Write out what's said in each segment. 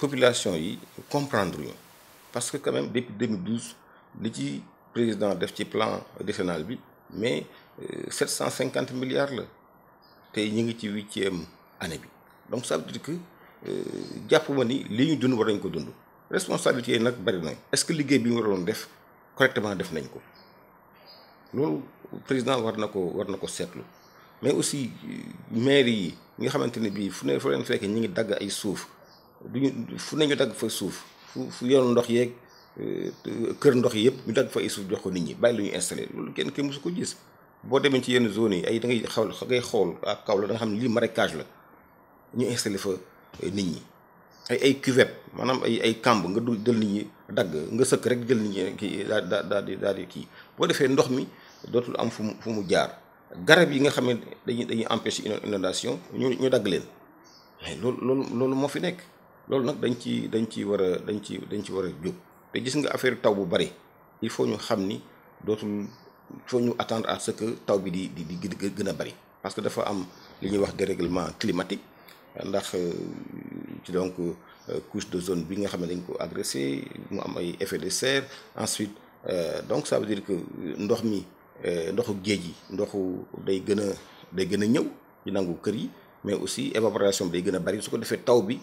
population yi comprendre parce que quand même depuis 2012 le président a fait ci plan décennal bi mais 750 euh, milliards là, te ñu ngi huitième année donc ça veut dire que il euh, faut ni li ñu dund war nañ responsabilité est bari est-ce que liggéey bi faire def correctement def nañ Le président war le faire. war mais aussi euh, maire yi nga xamante que nous fu faire des leen duñu fu nañu dagg fa suuf fu fu yoonu ndox yeeg euh, kër ndox yi yëpp ñu dagg fa ay suuf jox ko nit ñi bàyyi lu ñu installé loolu kenn kenn su ko gis boo demee ci yenn zone yi ay da ngay xaw ngay xool ak kaw la da xam ne lii marécage la ñu installé fa euh, nit ñi ay ay cuvette maanaam ay ay kamb nga du jël nit ñi dagg nga sëkk rek jël nit ñi kii daa daa daa di daa di kii boo defee ndox mi dootul am fu mu fu mu jaar garab yi nga xam ne dañuy dañuy empêcher inondation ñu ñu dagg leen loolu loolu moo fi nekk loolu nak dañ ci dañ ci wara dañ ci dañ ci wara a té gis nga affaire taw bu bari il faut ñu xamni ni dootul il faut ñu attendre à ce que taw bi di di gëna bari parce que dafa am li ñuy wax dérèglement climatique ndax euh, ci donc euh, couche de zone bi nga xamné dañ ko agressé mu am ay effet de serre ensuite euh, donc ça veut dire que ndox mi ndoxu géej yi ndoxu day gëna day gëna ñëw ñu nangu kër yi mais aussi évaporation day gëna bari su ko defee taw bi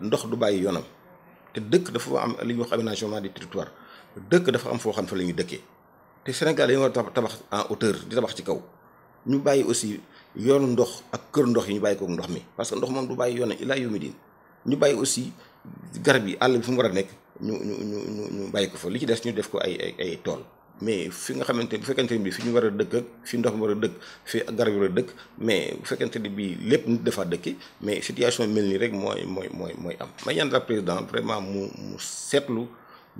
ndox du bàyyi yoonam te dëkk dafa am li ñuy wax aménagement du territoire dëkk dafa am foo xam fa la ñuy dëkkee te Sénégal dañu war tabax en hauteur di tabax ci kaw ñu bàyyi aussi yoonu ndox ak kër ndox yi ñu bàyyi kook ndox mi parce que ndox moom du bàyyi yoonam illaa yomi din ñu bàyyi aussi garab yi àll bi fu mu war a nekk ñu ñu ñu ñu bàyyi ko fa li ci des ñu def ko ay ay tool mais fi nga xamante bu fi ñu fi ndox fi mais bu mais situation mel rek président vraiment mu mu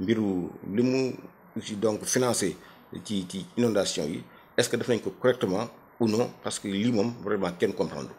mbiru li mu donc financé inondation est-ce que def correctement ou non parce que lii vraiment kenn comprendre